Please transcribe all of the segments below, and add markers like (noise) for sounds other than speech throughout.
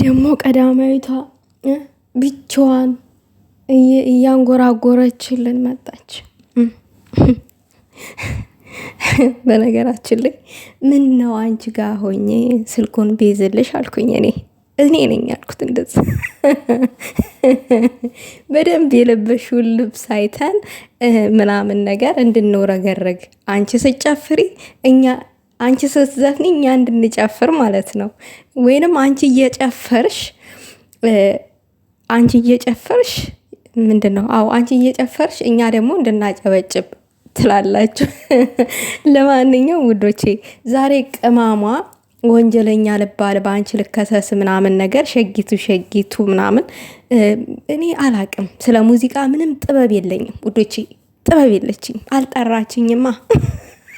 ደግሞ ቀዳማዊቷ ብቻዋን እያንጎራጎረችልን መጣች። በነገራችን ላይ ምን ነው አንቺ ጋር ሆኜ ስልኩን ቤዝልሽ አልኩኝ። እኔ እኔ ነኝ ያልኩት። እንደዚ በደንብ የለበሽውን ልብስ አይተን ምናምን ነገር እንድንውረገረግ አንቺ ስጨፍሪ እኛ አንቺ ስትዘፍኒ እኛ እንድንጨፍር ማለት ነው። ወይንም አንቺ እየጨፈርሽ አንቺ እየጨፈርሽ ምንድን ነው? አዎ አንቺ እየጨፈርሽ እኛ ደግሞ እንድናጨበጭብ ትላላችሁ። (laughs) ለማንኛውም ውዶቼ ዛሬ ቅማሟ ወንጀለኛ ልባል በአንቺ ልከሰስ ምናምን ነገር ሸጊቱ ሸጊቱ ምናምን እኔ አላቅም። ስለ ሙዚቃ ምንም ጥበብ የለኝም ውዶቼ፣ ጥበብ የለችኝ። አልጠራችኝማ (laughs)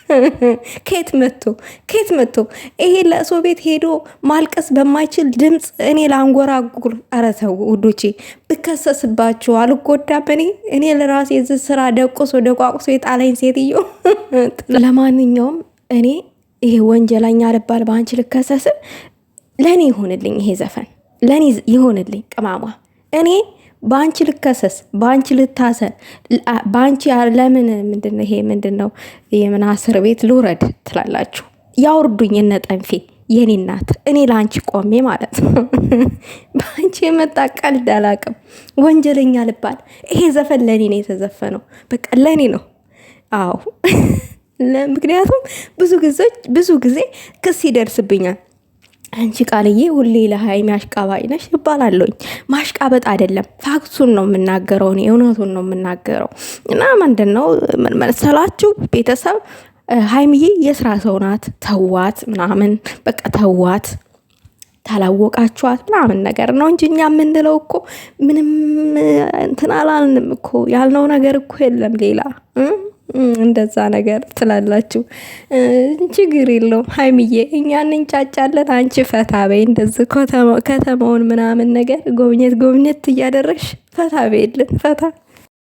(laughs) ከየት መጥቶ ከየት መጥቶ ይሄ ለእሶ ቤት ሄዶ ማልቀስ በማይችል ድምፅ እኔ ላንጎራጉር። ኧረ ተው ውዶቼ፣ ብከሰስባችሁ አልጎዳም። እኔ እኔ ለራሴ የዚህ ስራ ደቁሶ ደቋቁሶ የጣለኝ ሴትዮ። (laughs) ለማንኛውም እኔ ይሄ ወንጀለኛ ልባል በአንቺ ልከሰስ። ለእኔ ይሆንልኝ ይሄ ዘፈን ለእኔ ይሆንልኝ ቅማሟ እኔ በአንቺ ልከሰስ፣ በአንቺ ልታሰር፣ በአንቺ ለምን ምንድን ነው ይሄ ምንድን ነው የምን አስር ቤት ልውረድ ትላላችሁ? ያውርዱኝ እነ ጠንፌ የኔ እናት እኔ ለአንቺ ቆሜ ማለት ነው። (laughs) በአንቺ የመጣ ቀልድ አላቅም። ወንጀለኛ ልባል። ይሄ ዘፈን ለእኔ ነው የተዘፈነው። በቃ ለእኔ ነው። አዎ፣ (laughs) ምክንያቱም ብዙ ጊዜ ክስ ይደርስብኛል። አንቺ ቃልዬ ሁሌ ለሀይሚ አሽቃባጭ ነሽ ይባላለኝ። ማሽቃበጥ አይደለም ፋክሱን ነው የምናገረው፣ እኔ እውነቱን ነው የምናገረው። እና ምንድን ነው ምን መሰላችሁ ቤተሰብ ሀይሚዬ የስራ ሰው ናት፣ ተዋት ምናምን በቃ ተዋት ታላወቃችኋት ምናምን ነገር ነው እንጂ እኛ የምንለው እኮ ምንም እንትን አላልንም እኮ ያልነው ነገር እኮ የለም ሌላ እንደዛ ነገር ትላላችሁ። ችግር የለውም ሀይሚዬ፣ እኛ እንጫጫለን አንቺ ፈታ በይ እንደዚህ ከተማውን ምናምን ነገር ጎብኘት ጎብኘት እያደረግሽ ፈታ በይልን ፈታ